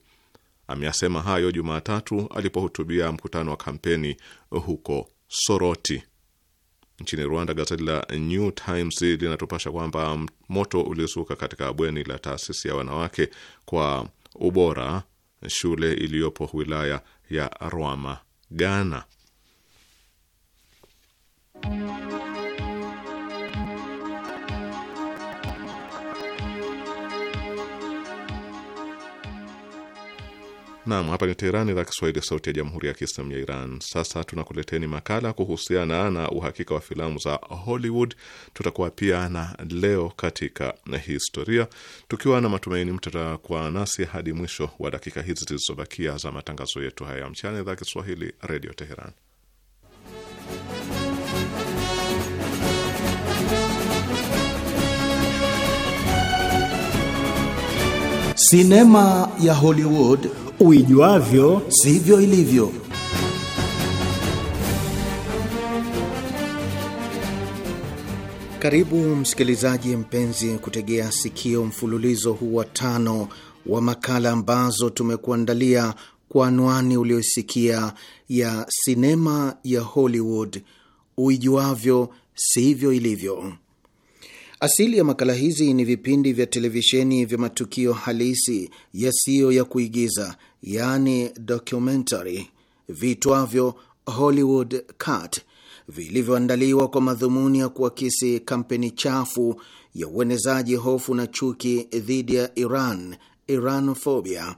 Ameyasema hayo Jumatatu alipohutubia mkutano wa kampeni huko Soroti nchini Rwanda. Gazeti la New Times linatupasha kwamba moto ulizuka katika bweni la taasisi ya wanawake kwa ubora shule iliyopo wilaya ya Rwama Ghana. Naam, hapa ni Teherani, idhaa Kiswahili, sauti ya jamhuri ya kiislamu ya Iran. Sasa tunakuleteni makala kuhusiana na uhakika wa filamu za Hollywood. Tutakuwa pia na leo katika historia, tukiwa na matumaini mtakuwa nasi hadi mwisho wa dakika hizi zilizobakia za matangazo yetu haya ya mchana, idhaa Kiswahili, redio Teheran. Sinema ya Hollywood uijuavyo sivyo ilivyo. Karibu msikilizaji mpenzi, kutegea sikio mfululizo huu wa tano wa makala ambazo tumekuandalia kwa anwani uliyosikia ya sinema ya Hollywood uijuavyo sivyo ilivyo. Asili ya makala hizi ni vipindi vya televisheni vya matukio halisi yasiyo ya kuigiza, yaani documentary, viitwavyo Hollywood Cut, vilivyoandaliwa kwa madhumuni ya kuakisi kampeni chafu ya uenezaji hofu na chuki dhidi ya Iran, Iranophobia,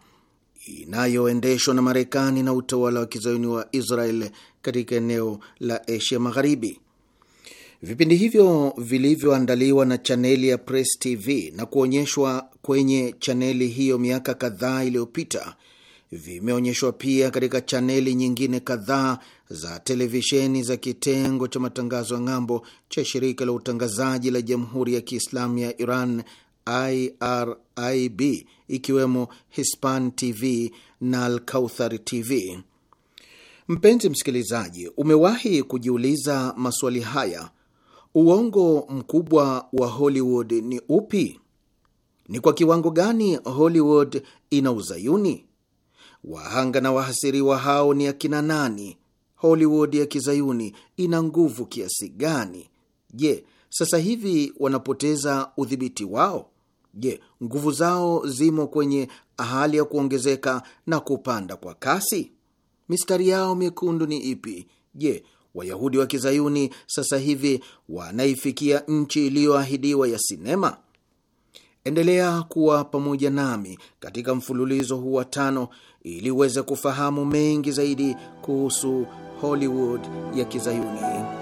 inayoendeshwa na Marekani na utawala wa kizayuni wa Israel katika eneo la Asia Magharibi. Vipindi hivyo vilivyoandaliwa na chaneli ya Press TV na kuonyeshwa kwenye chaneli hiyo miaka kadhaa iliyopita vimeonyeshwa pia katika chaneli nyingine kadhaa za televisheni za kitengo cha matangazo ya ng'ambo cha shirika la utangazaji la Jamhuri ya Kiislamu ya Iran IRIB ikiwemo Hispan TV na Alkauthar TV. Mpenzi msikilizaji, umewahi kujiuliza maswali haya Uongo mkubwa wa Hollywood ni upi? Ni kwa kiwango gani Hollywood ina uzayuni? Wahanga na wahasiriwa hao ni akina nani? Hollywood ya kizayuni ina nguvu kiasi gani? Je, sasa hivi wanapoteza udhibiti wao? Je, nguvu zao zimo kwenye hali ya kuongezeka na kupanda kwa kasi? Mistari yao mekundu ni ipi? Je, Wayahudi wa kizayuni sasa hivi wanaifikia nchi iliyoahidiwa ya sinema? Endelea kuwa pamoja nami katika mfululizo huu wa tano ili uweze kufahamu mengi zaidi kuhusu Hollywood ya kizayuni.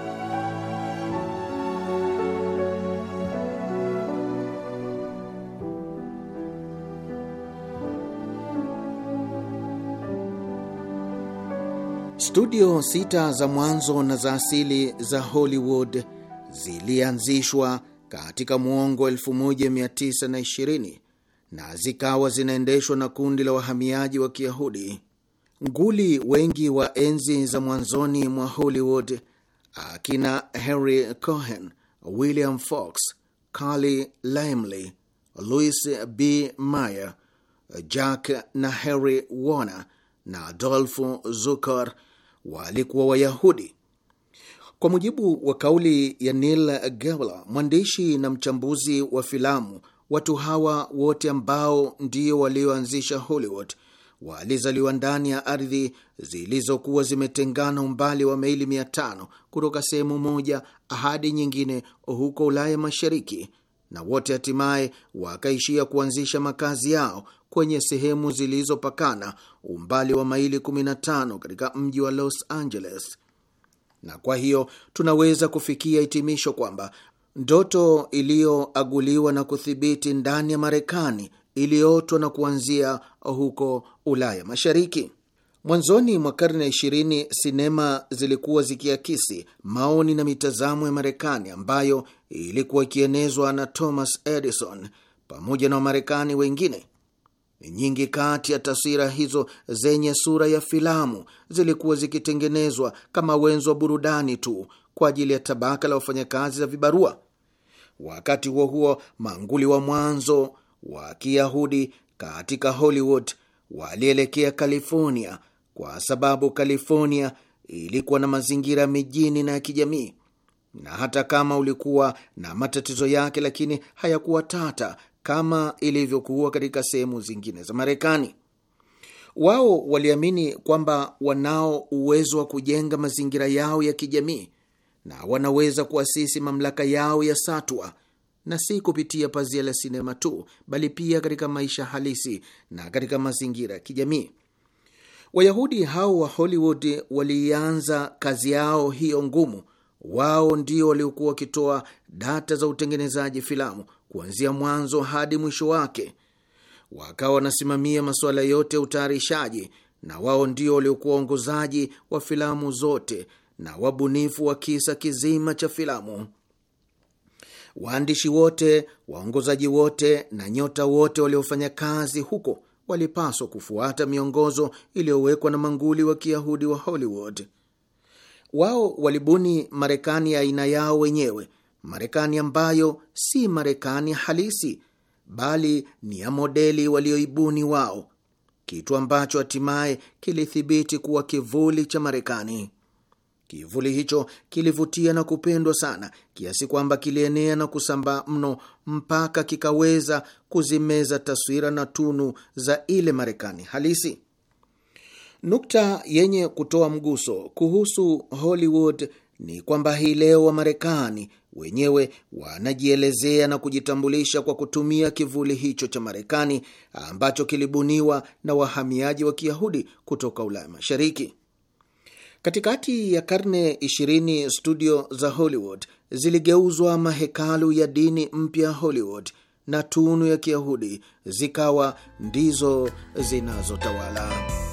Studio sita za mwanzo na za asili za Hollywood zilianzishwa katika mwongo 1920 na zikawa zinaendeshwa na kundi la wahamiaji wa Kiyahudi. Nguli wengi wa enzi za mwanzoni mwa Hollywood, akina Harry Cohen, William Fox, Carly limly Louis B. Mayer, Jack na Harry Warner na Adolfu Zukor walikuwa Wayahudi. Kwa mujibu wa kauli ya Neil Gabler, mwandishi na mchambuzi wa filamu, watu hawa wote ambao ndio walioanzisha Hollywood walizaliwa ndani ya ardhi zilizokuwa zimetengana umbali wa maili mia tano kutoka sehemu moja hadi nyingine huko Ulaya Mashariki na wote hatimaye wakaishia kuanzisha makazi yao kwenye sehemu zilizopakana umbali wa maili 15 katika mji wa Los Angeles. Na kwa hiyo tunaweza kufikia hitimisho kwamba ndoto iliyoaguliwa na kuthibiti ndani ya Marekani iliyotwa na kuanzia huko Ulaya Mashariki. Mwanzoni mwa karne ya ishirini sinema zilikuwa zikiakisi maoni na mitazamo ya Marekani ambayo ilikuwa ikienezwa na Thomas Edison pamoja na Wamarekani wengine. Nyingi kati ya taswira hizo zenye sura ya filamu zilikuwa zikitengenezwa kama wenzo wa burudani tu kwa ajili ya tabaka la wafanyakazi za vibarua. Wakati huo huo, manguli wa mwanzo wa Kiyahudi katika Hollywood walielekea California kwa sababu California ilikuwa na mazingira mijini na ya kijamii, na hata kama ulikuwa na matatizo yake, lakini hayakuwa tata kama ilivyokuwa katika sehemu zingine za Marekani. Wao waliamini kwamba wanao uwezo wa kujenga mazingira yao ya kijamii na wanaweza kuasisi mamlaka yao ya satwa, na si kupitia pazia la sinema tu, bali pia katika maisha halisi na katika mazingira ya kijamii. Wayahudi hao wa Hollywood waliianza kazi yao hiyo ngumu. Wao ndio waliokuwa wakitoa data za utengenezaji filamu kuanzia mwanzo hadi mwisho wake, wakawa wanasimamia masuala yote ya utayarishaji, na wao ndio waliokuwa waongozaji wa filamu zote na wabunifu wa kisa kizima cha filamu. Waandishi wote, waongozaji wote na nyota wote waliofanya kazi huko walipaswa kufuata miongozo iliyowekwa na manguli wa Kiyahudi wa Hollywood. Wao walibuni Marekani ya aina yao wenyewe, Marekani ambayo si Marekani halisi bali ni ya modeli walioibuni wao, kitu ambacho hatimaye kilithibiti kuwa kivuli cha Marekani. Kivuli hicho kilivutia na kupendwa sana kiasi kwamba kilienea na kusambaa mno mpaka kikaweza kuzimeza taswira na tunu za ile Marekani halisi. Nukta yenye kutoa mguso kuhusu Hollywood ni kwamba hii leo Wamarekani wenyewe wanajielezea na kujitambulisha kwa kutumia kivuli hicho cha Marekani ambacho kilibuniwa na wahamiaji wa Kiyahudi kutoka Ulaya Mashariki. Katikati ya karne 20 studio za Hollywood ziligeuzwa mahekalu ya dini mpya Hollywood na tunu ya Kiyahudi zikawa ndizo zinazotawala.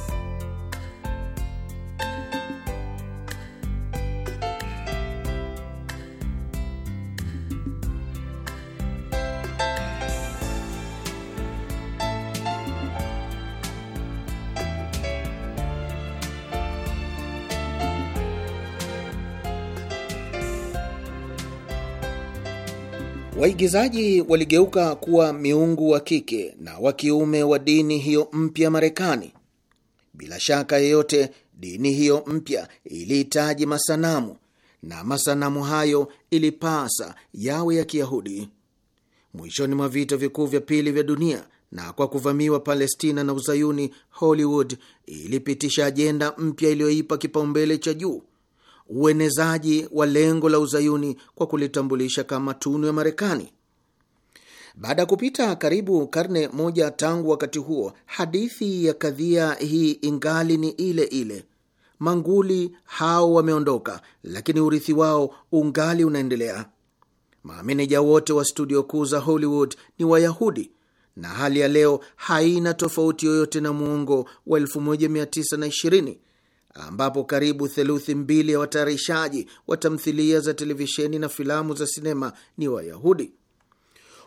Waigizaji waligeuka kuwa miungu wa kike na wa kiume wa dini hiyo mpya Marekani. Bila shaka yeyote, dini hiyo mpya ilihitaji masanamu na masanamu hayo ilipasa yawe ya Kiyahudi. Mwishoni mwa vita vikuu vya pili vya dunia na kwa kuvamiwa Palestina na Uzayuni, Hollywood ilipitisha ajenda mpya iliyoipa kipaumbele cha juu uenezaji wa lengo la uzayuni kwa kulitambulisha kama tunu ya Marekani. Baada ya kupita karibu karne moja tangu wakati huo, hadithi ya kadhia hii ingali ni ile ile. Manguli hao wameondoka, lakini urithi wao ungali unaendelea. Maameneja wote wa studio kuu za Hollywood ni Wayahudi, na hali ya leo haina tofauti yoyote na muongo wa 1920 ambapo karibu theluthi mbili ya watayarishaji wa tamthilia za televisheni na filamu za sinema ni Wayahudi.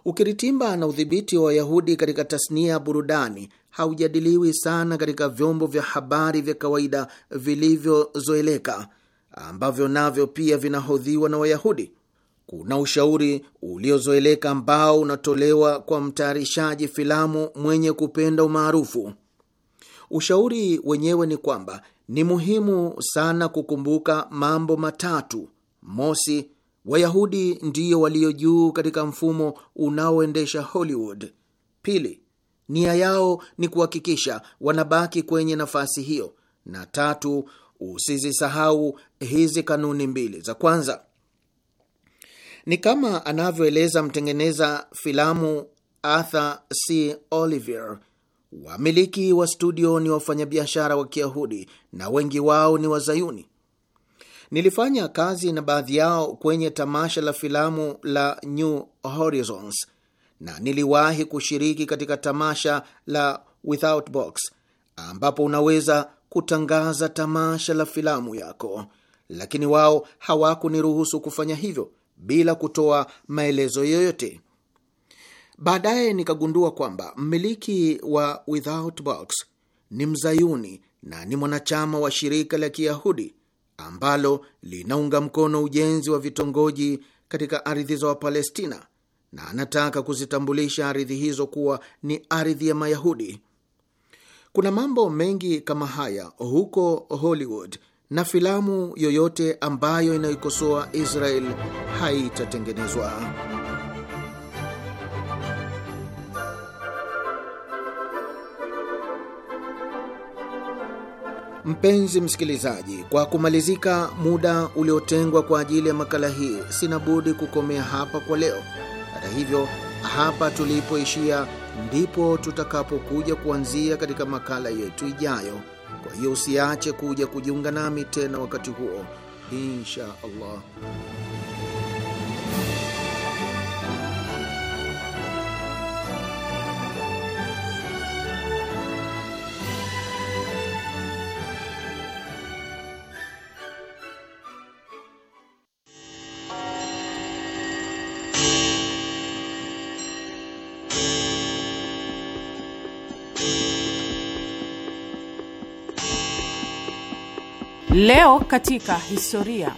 Ukiritimba na udhibiti wa Wayahudi katika tasnia ya burudani haujadiliwi sana katika vyombo vya habari vya kawaida vilivyozoeleka ambavyo navyo pia vinahodhiwa na Wayahudi. Kuna ushauri uliozoeleka ambao unatolewa kwa mtayarishaji filamu mwenye kupenda umaarufu. Ushauri wenyewe ni kwamba ni muhimu sana kukumbuka mambo matatu. Mosi, Wayahudi ndiyo walio juu katika mfumo unaoendesha Hollywood. Pili, nia yao ni kuhakikisha wanabaki kwenye nafasi hiyo, na tatu, usizisahau hizi kanuni mbili za kwanza. Ni kama anavyoeleza mtengeneza filamu Arthur C Oliver Wamiliki wa studio ni wafanyabiashara wa Kiyahudi na wengi wao ni Wazayuni. Nilifanya kazi na baadhi yao kwenye tamasha la filamu la New Horizons na niliwahi kushiriki katika tamasha la Without Box ambapo unaweza kutangaza tamasha la filamu yako, lakini wao hawakuniruhusu kufanya hivyo bila kutoa maelezo yoyote. Baadaye nikagundua kwamba mmiliki wa Without Box ni mzayuni na ni mwanachama wa shirika la Kiyahudi ambalo linaunga mkono ujenzi wa vitongoji katika ardhi za Wapalestina na anataka kuzitambulisha ardhi hizo kuwa ni ardhi ya Mayahudi. Kuna mambo mengi kama haya huko Hollywood, na filamu yoyote ambayo inaikosoa Israel haitatengenezwa. Mpenzi msikilizaji, kwa kumalizika muda uliotengwa kwa ajili ya makala hii, sina budi kukomea hapa kwa leo. Hata hivyo, hapa tulipoishia ndipo tutakapokuja kuanzia katika makala yetu ijayo. Kwa hiyo usiache kuja kujiunga nami tena wakati huo, insha Allah. Leo katika historia.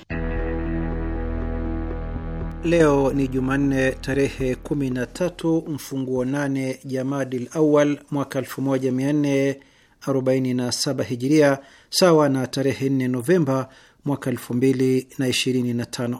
Leo ni Jumanne tarehe 13 mfunguo 8 Jamadil Awal mwaka 1447 Hijiria, sawa na tarehe 4 Novemba mwaka 2025.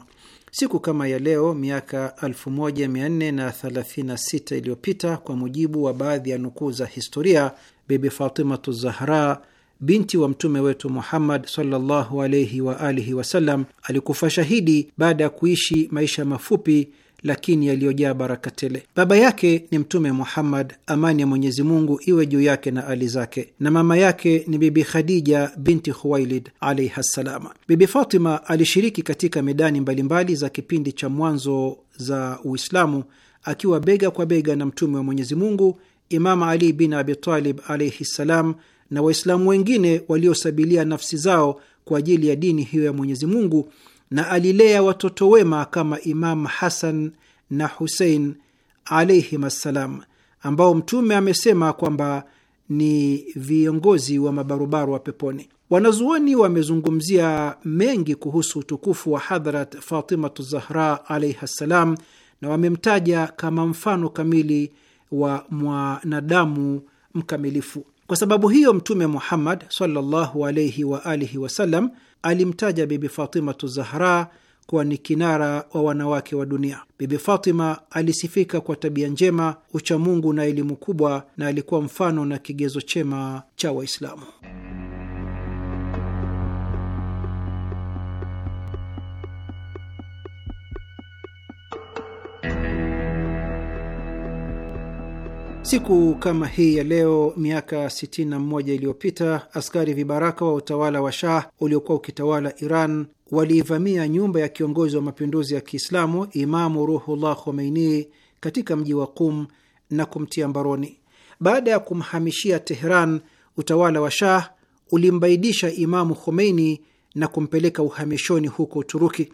Siku kama ya leo miaka 1436 iliyopita, kwa mujibu wa baadhi ya nukuu za historia, Bibi Fatimatu Zahra binti wa mtume wetu Muhammad sallallahu alayhi wa alihi wasallam alikufa shahidi baada ya kuishi maisha mafupi lakini yaliyojaa baraka tele. Baba yake ni Mtume Muhammad, amani ya Mwenyezi Mungu iwe juu yake na ali zake, na mama yake ni Bibi Khadija binti Khuwailid alaiha ssalama. Bibi Fatima alishiriki katika medani mbalimbali za kipindi cha mwanzo za Uislamu akiwa bega kwa bega na Mtume wa Mwenyezi Mungu, Ali bin Abi Talib alaihi ssalam na Waislamu wengine waliosabilia nafsi zao kwa ajili ya dini hiyo ya Mwenyezi Mungu, na alilea watoto wema kama Imam Hasan na Husein alaihim assalam, ambao Mtume amesema kwamba ni viongozi wa mabarobaro wa peponi. Wanazuoni wamezungumzia mengi kuhusu utukufu wa Hadhrat Fatimatu Zahra alaihi ssalam, na wamemtaja kama mfano kamili wa mwanadamu mkamilifu. Kwa sababu hiyo Mtume Muhammad sallallahu alaihi wa alihi wasallam alimtaja Bibi Fatimatu Zahra kuwa ni kinara wa wanawake wa dunia. Bibi Fatima alisifika kwa tabia njema, uchamungu na elimu kubwa, na alikuwa mfano na kigezo chema cha Waislamu. Siku kama hii ya leo miaka 61 iliyopita askari vibaraka wa utawala wa Shah uliokuwa ukitawala Iran waliivamia nyumba ya kiongozi wa mapinduzi ya Kiislamu Imamu Ruhullah Khomeini katika mji wa Qum na kumtia mbaroni. Baada ya kumhamishia Teheran, utawala wa Shah ulimbaidisha Imamu Khomeini na kumpeleka uhamishoni huko Uturuki.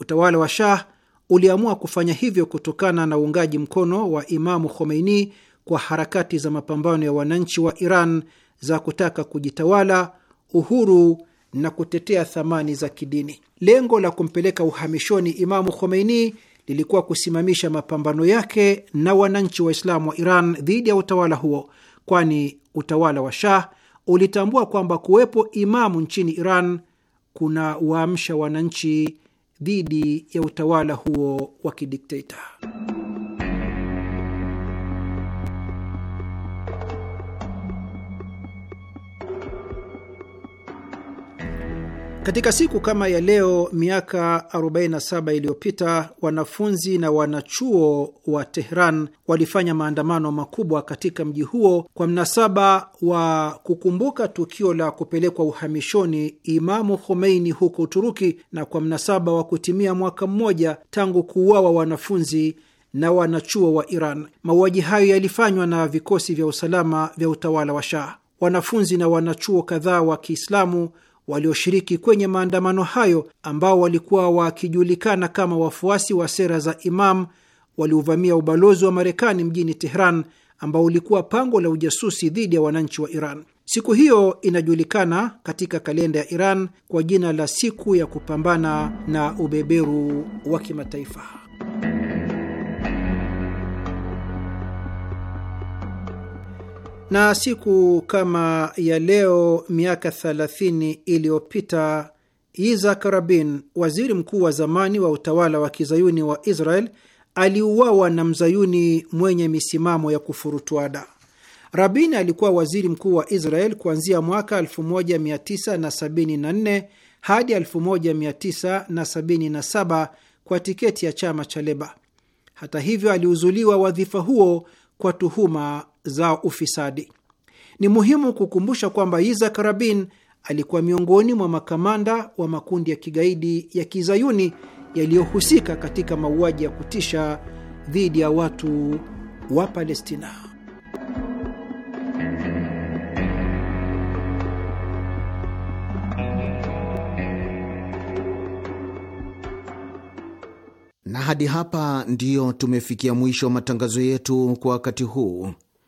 Utawala wa Shah uliamua kufanya hivyo kutokana na uungaji mkono wa Imamu Khomeini kwa harakati za mapambano ya wananchi wa Iran za kutaka kujitawala, uhuru na kutetea thamani za kidini. Lengo la kumpeleka uhamishoni Imamu Khomeini lilikuwa kusimamisha mapambano yake na wananchi Waislamu wa Iran dhidi ya utawala huo, kwani utawala wa Shah ulitambua kwamba kuwepo imamu nchini Iran kuna waamsha wananchi dhidi ya utawala huo wa kidikteta. Katika siku kama ya leo miaka 47 iliyopita wanafunzi na wanachuo wa Tehran walifanya maandamano makubwa katika mji huo kwa mnasaba wa kukumbuka tukio la kupelekwa uhamishoni Imamu Khomeini huko Uturuki na kwa mnasaba wa kutimia mwaka mmoja tangu kuuawa wanafunzi na wanachuo wa Iran. Mauaji hayo yalifanywa na vikosi vya usalama vya utawala wa Shah. Wanafunzi na wanachuo kadhaa wa Kiislamu walioshiriki kwenye maandamano hayo ambao walikuwa wakijulikana kama wafuasi wa sera za Imam waliuvamia ubalozi wa Marekani mjini Tehran ambao ulikuwa pango la ujasusi dhidi ya wananchi wa Iran. Siku hiyo inajulikana katika kalenda ya Iran kwa jina la siku ya kupambana na ubeberu wa kimataifa. na siku kama ya leo miaka 30 iliyopita Isak Rabin, waziri mkuu wa zamani wa utawala wa kizayuni wa Israel, aliuawa na mzayuni mwenye misimamo ya kufurutuada. Rabin alikuwa waziri mkuu wa Israel kuanzia mwaka 1974 hadi 1977 kwa tiketi ya chama cha Leba. Hata hivyo, aliuzuliwa wadhifa huo kwa tuhuma za ufisadi. Ni muhimu kukumbusha kwamba Isak Rabin alikuwa miongoni mwa makamanda wa makundi ya kigaidi ya kizayuni yaliyohusika katika mauaji ya kutisha dhidi ya watu wa Palestina. Na hadi hapa ndiyo tumefikia mwisho wa matangazo yetu kwa wakati huu.